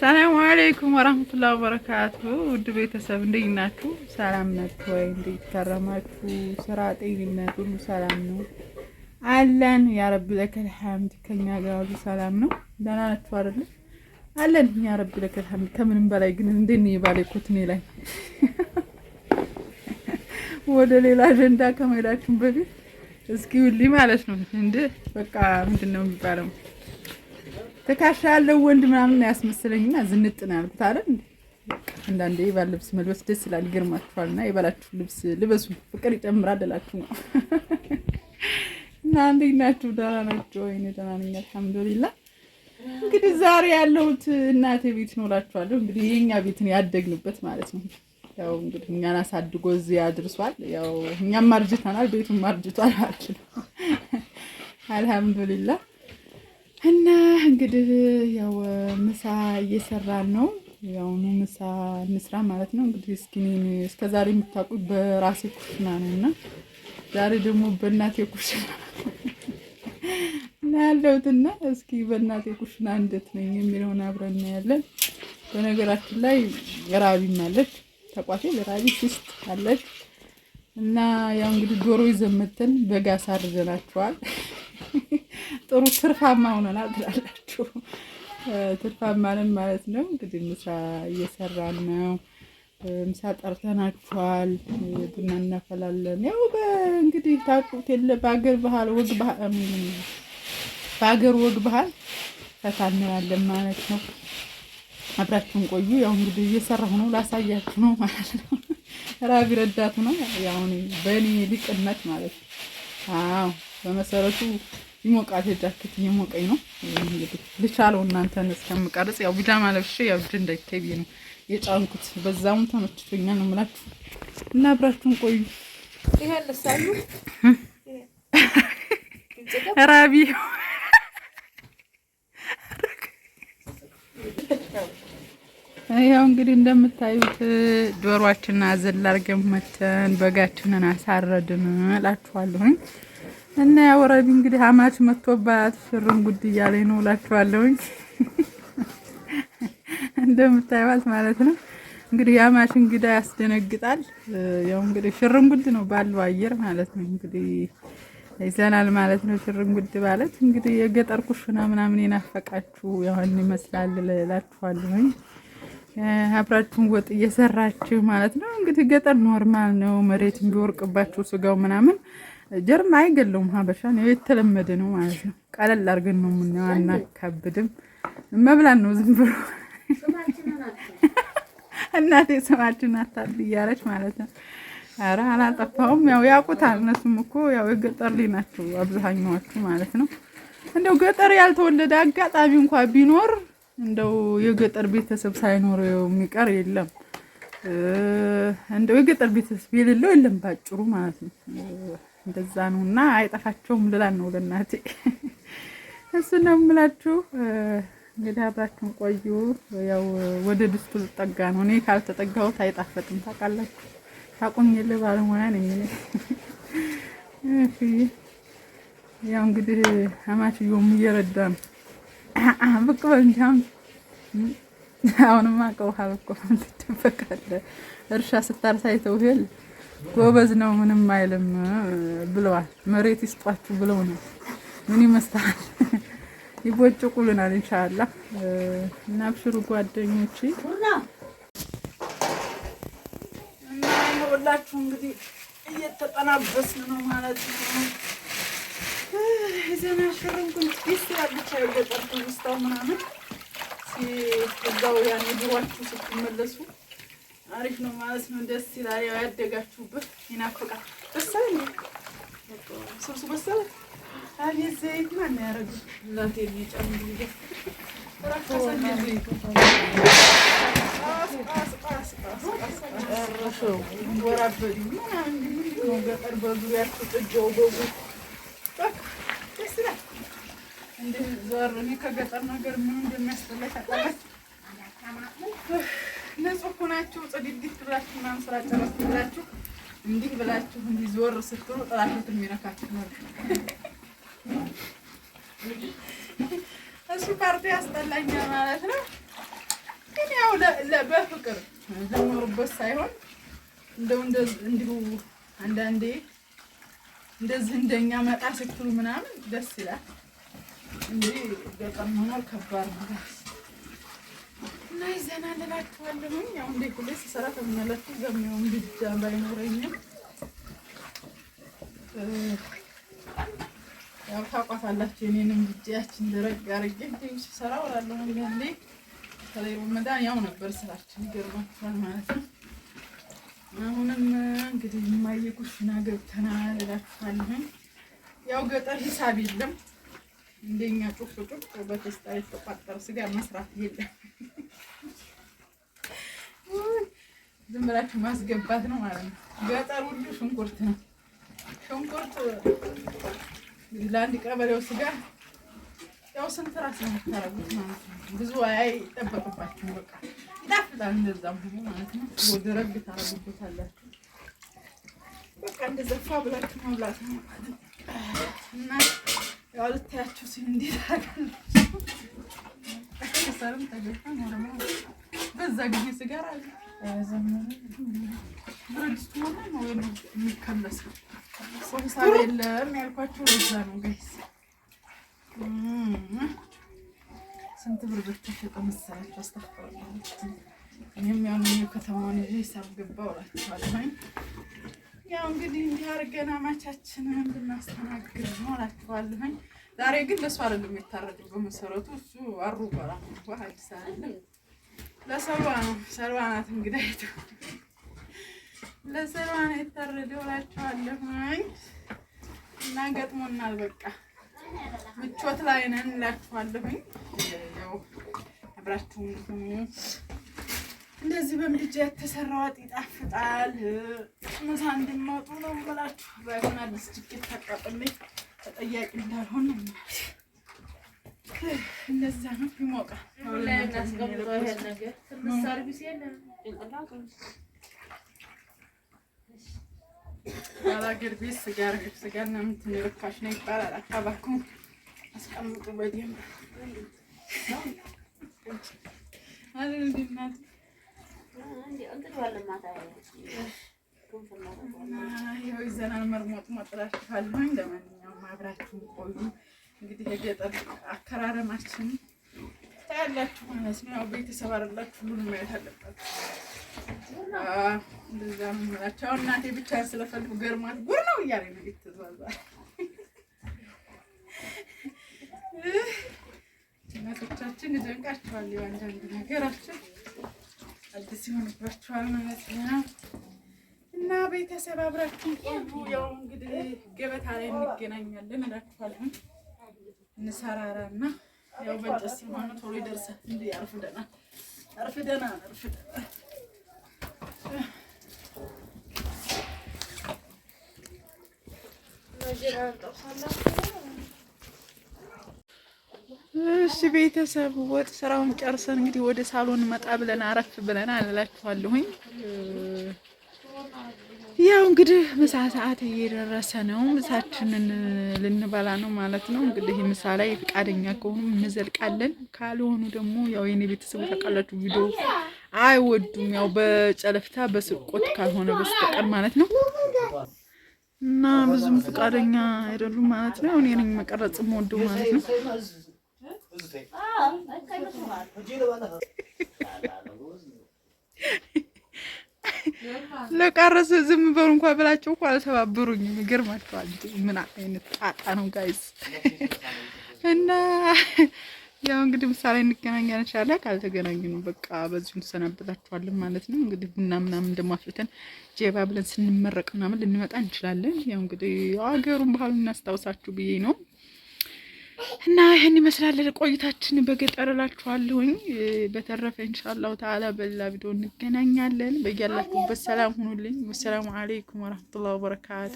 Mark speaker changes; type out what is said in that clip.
Speaker 1: ሰላም አለይኩም ወራህመቱላሂ ወበረካቱ። ውድ ቤተሰብ እንደት ናችሁ? ሰላም ናችሁ ወይ? እንደት ከረማችሁ? ስራ፣ ጤንነት ሁሉ ሰላም ነው አለን። ያ ረቢ ለከል ሐምድ። ከኛ ጋር ሁሉ ሰላም ነው። ደህና ናችሁ አይደል? አለን። ያ ረቢ ለከል ሐምድ። ከምንም በላይ ግን እንደት ነው የባሌ ኮትኔ ላይ ወደ ሌላ አጀንዳ ከመሄዳችን በፊት እስኪ ውሊ ማለት ነው እንደ በቃ የሚባለው ትከሻ ያለው ወንድ ምናምን ያስመስለኝና ዝንጥ ነው ያልኩት አለ። አንዳንዴ የባል ልብስ መልበስ ደስ ይላል፣ ይገርማችኋል። ና የባላችሁ ልብስ ልበሱ፣ ፍቅር ይጨምራል እላችሁ ነው። እና እንዴት ናችሁ? ደህና ናችሁ ወይ? እኔ ደህና ነኝ አልሐምዱሊላህ። እንግዲህ ዛሬ ያለሁት እናቴ ቤት ነው እላችኋለሁ። እንግዲህ የኛ ቤትን ያደግንበት ማለት ነው። ያው እንግዲህ እኛን አሳድጎ እዚህ አድርሷል። ያው እኛም አርጅተናል፣ ቤቱም አርጅቷል። አልሐምዱሊላህ እና እንግዲህ ያው ምሳ እየሰራን ነው። ያውኑ ምሳ እንስራ ማለት ነው እንግዲህ እስኪ እስከ ዛሬ የምታውቁት በራሴ ኩሽና ነው እና ዛሬ ደግሞ በእናቴ ኩሽና እና ያለሁትና እስኪ በእናቴ ኩሽና እንዴት ነኝ የሚለውን አብረን እናያለን። በነገራችን ላይ ራቢም አለች ተቋቴ ራቢ ሲስት አለች እና ያው እንግዲህ ዶሮ ይዘመተን በጋ ሳርዘናቸዋል። ጥሩ ትርፋማ ሆነናል ትላላችሁ። ትርፋማንም ማለት ነው እንግዲህ ምሳ እየሰራን ነው። ምሳ ጠርተናችኋል። ቡና እናፈላለን። ያው እንግዲህ ታውቁት የለ በአገር ባህል ወግ በአገር ወግ ባህል ፈታ እንላለን ማለት ነው። አብራችሁን ቆዩ። ያው እንግዲህ እየሰራሁ ነው ላሳያችሁ ነው ማለት ነው። ራቢ ረዳቱ ነው ያው በእኔ ሊቅነት ማለት ነው። አዎ በመሰረቱ ይሞቃት ጃኬት እየሞቀኝ ነው። ልቻለው እናንተን እስከምቀርጽ ያው ቢጃማ ለብሼ ያው እጅ እንዳይታይ ብዬ ነው የጫንኩት። በዛም ተመችቶኛል ነው የምላችሁ እና አብራችሁን ቆዩ። ራቢ ያው እንግዲህ እንደምታዩት ዶሯችንን አዘል አድርገን መተን በጋችንን አሳረድን እላችኋለሁኝ። እና ያው ረቢ እንግዲህ አማች መጥቶባት ሽርን ጉድ እያለኝ ነው እላችኋለሁኝ። እንደምታይዋት ማለት ነው እንግዲህ የአማች እንግዳ ያስደነግጣል። ያው እንግዲህ ሽርን ጉድ ነው ባለው አየር ማለት ነው እንግዲህ ይዘናል ማለት ነው። ሽርን ጉድ ማለት እንግዲህ የገጠር ኩሽና ምናምን የናፈቃችሁ ያሁን ይመስላል እላችኋለሁኝ። አብራችሁን ወጥ እየሰራችሁ ማለት ነው እንግዲህ ገጠር ኖርማል ነው። መሬት ቢወርቅባችሁ ስጋው ምናምን ጀርማ አይገለውም። ሀበሻ ነው የተለመደ ነው ማለት ነው። ቀለል አድርገን ነው የምናየው፣ አናከብድም። መብላን ነው ዝም ብሎ እናቴ ስማችን አታል እያለች ማለት ነው። ኧረ አላጠፋውም። ያው ያውቁታል እነሱም እኮ ያው የገጠር ልጅ ናቸው አብዛኛዎቹ ማለት ነው። እንደው ገጠር ያልተወለደ አጋጣሚ እንኳ ቢኖር እንደው የገጠር ቤተሰብ ሳይኖር የሚቀር የለም። እንደው የገጠር ቤተሰብ የሌለው የለም ባጭሩ ማለት ነው። እንደዛ ነው እና አይጠፋቸውም ልላል ነው ለእናቴ እሱ ነው የምላችሁ። እንግዲህ አብራችሁን ቆዩ። ያው ወደ ድስቱ ልጠጋ ነው። እኔ ካልተጠጋሁት አይጣፈጥም። ታውቃላችሁ። ታቁኝል ባለሙያ ነኝ እሺ ያው እንግዲህ አማችዮም እየረዳ ነው። ብቅ በል እንጂ አሁን አሁንማ ከውሃ በኮ ትደበቃለህ። እርሻ ስታርሳይተው ይል ጎበዝ ነው ምንም አይልም ብለዋል። መሬት ይስጧችሁ ብለው ነው። ምን ይመስላል? ይቦጭቁልናል። እንሻላ እና አብሽሩ ጓደኞቼ። ሁላችሁ እንግዲህ እየተጠናበስን ነው ማለት ነው። ዘና ሽርንኩን ስ ያለቻ የገጠርኩ ውስጣው ምናምን እዛው ያን ድሯችሁ ስትመለሱ አሪፍ ነው ማለት ነው። ደስ ይላል። ያው ያደጋችሁበት ይናፍቃል። በሰለ እንዴ ስብሱ በሰለ አቤት ዘይት ማን ያረጋል? እናቴ ይጫም እንዴ ከገጠር ነገር ምን እንደሚያስፈልግ ታውቃለህ? ንጹህ ሁናችሁ ጽድት ብላችሁ ምናምን ስራ ጨረስኩ ብላችሁ እንዲህ ብላችሁ እንዲህ ዞር ስትሉ ጥላችሁት የሚነካችሁ ነው። እሱ ካርቱ ያስጠላኛል ማለት ነው። ግን ያው በፍቅር ለኖሩበት ሳይሆን እንደው እንዲሁ አንዳንዴ እንደዚህ እንደኛ መጣ ስትሉ ምናምን ደስ ይላል እንጂ ገጠመኖር ከባድ ነው። እና ይዘና ልላችኋለሁኝ። ያው እንደ ሁሌ ስሰራ ከምናላችሁ ገሚውን ብቻ ባይኖረኝም ያው ታውቋታላችሁ የኔንም ብቻያችን ደረቅ አድርጌ ትንሽ ስሰራ እውላለሁ። አንዳንዴ ከላይ ረመዳን ያው ነበር ስራችን ይገርማችኋል ማለት ነው። አሁንም እንግዲህ የማየ ኩሽና ገብተናል እላችኋለሁኝ። ያው ገጠር ሂሳብ የለም እንደኛ ጩቅ ጩቅ በተስታ የተቋጠረ ስጋ መስራት የለም። ዝም ብላችሁ ማስገባት ነው ማለት ነው። ገጠር ሁሉ ሽንኩርት ነው። ሽንኩርት ለአንድ ቀበሌው ስጋ ያው ስንት ራስ ነው የምታረጉት ማለት ነው። ብዙ አይጠበቅባችሁም። በቃ ይጣፍጣል። እንደዛም ሁሉ ማለት ነው። ወደረግ ታረጉበታላችሁ። በቃ እንደዘፋ ብላችሁ መብላት ነው ማለት ነው። እና ያው ልታያቸው ሲል እንዴት ሰርም ተገፋ ነው በዛ ጊዜ ስጋር አለ የለም ያልኳቸው እዛ ነው። ስንት ብር በተሸጠ መሰላቸው? አስተፍጠዋለሁ። እኔም ያው ይዤ ሂሳብ ገባ እላችኋለሁ። ያው እንግዲህ እንዲህ አድርገን አማቻችንን ብናስተናግድ ነው እላችኋለሁ። ዛሬ ግን ለእሱ አይደለም የታረደው። በመሰረቱ እሱ አሩ ለሰሯ ነው። ሰሯ ናት እንግዲህ ለሰሯ ነው የታረደው እላችኋለሁኝ። እና ገጥሞናል። በቃ ምቾት ላይ ነን እላችኋለሁኝ። ያው አብራችሁም ሁኑ። እንደዚህ በምድጃ የተሰራው ወጥ ይጣፍጣል። ምሳ እንድመጡ ነው ባይሆን አዲስ ጅኬት ታቃጥልኝ ተጠያቂ እንዳልሆን ነው። እንደዛ ነው። ይሞቃል። አላገር ቤት ስጋ እርግብ ስጋ እና ርካሽ ነው ይባላል። አካባቢው አስቀምጡ በደምብ ይዘናል። መርሞጥ መጥላችኋለሁ። ለማንኛውም አብራችሁ ቆዩ። እንግዲህ የገጠር አከራረማችን ታያላችሁ ማለት ነው። ያው ቤተሰብ አይደላችሁ ሁሉንም ማየት አለባችሁ። እንደዛ ምላቸው እናቴ ብቻ ስለፈልጉ ገርማት ጉር ነው እያለ ነው የተዛዛ እናቶቻችን ይደንቃቸዋል። አንዳንድ ነገራችን አዲስ ይሆንባቸዋል ማለት ነው። እና ቤተሰብ አብራችሁ ቆዩ። ያው እንግዲህ ገበታ ላይ እንገናኛለን እላችኋለሁ። እንሰራራና ያው በጭስ ሲሆን ቶሎ ይደርሳል። እንደ አርፍደናል አርፍደናል አርፍደናል። እሺ ቤተሰብ ወጥ ስራውን ጨርሰን እንግዲህ ወደ ሳሎን መጣ ብለን አረፍ ብለን ያው እንግዲህ ምሳ ሰዓት እየደረሰ ነው። ምሳችንን ልንበላ ነው ማለት ነው። እንግዲህ ምሳ ላይ ፈቃደኛ ከሆኑ እንዘልቃለን፣ ካልሆኑ ደግሞ ያው የኔ ቤተሰቡ ታውቃላችሁ ቪዲዮ አይወዱም። ያው በጨለፍታ በስርቆት ካልሆነ በስተቀር ማለት ነው እና ብዙም ፈቃደኛ አይደሉም ማለት ነው። እኔ ነኝ መቀረጽ የምወደው ማለት ነው። ለቀረሰ ዝም በሉ እንኳ ብላቸው እኮ አልተባበሩኝም። ይገርማቸዋል። ምን አይነት ጣጣ ነው ጋይዝ። እና ያው እንግዲህ ምሳሌ እንገናኛለን ይችላል። ካልተገናኘን በቃ በዚሁ እንሰናበታችኋለን ማለት ነው። እንግዲህ ቡና ምናምን እንደማፍልተን ጀባ ብለን ስንመረቅ ምናምን ልንመጣ እንችላለን። ያው እንግዲህ አገሩን ባህሉ እናስታውሳችሁ ብዬ ነው። እና ይህን ይመስላል ቆይታችን በገጠር እላችኋለሁኝ። በተረፈ ኢንሻአላሁ ተዓላ በላ ቪዲዮ እንገናኛለን። በያላችሁበት ሰላም ሁኑልኝ። ወሰላሙ አለይኩም ወረህመቱላሂ ወበረካቱ።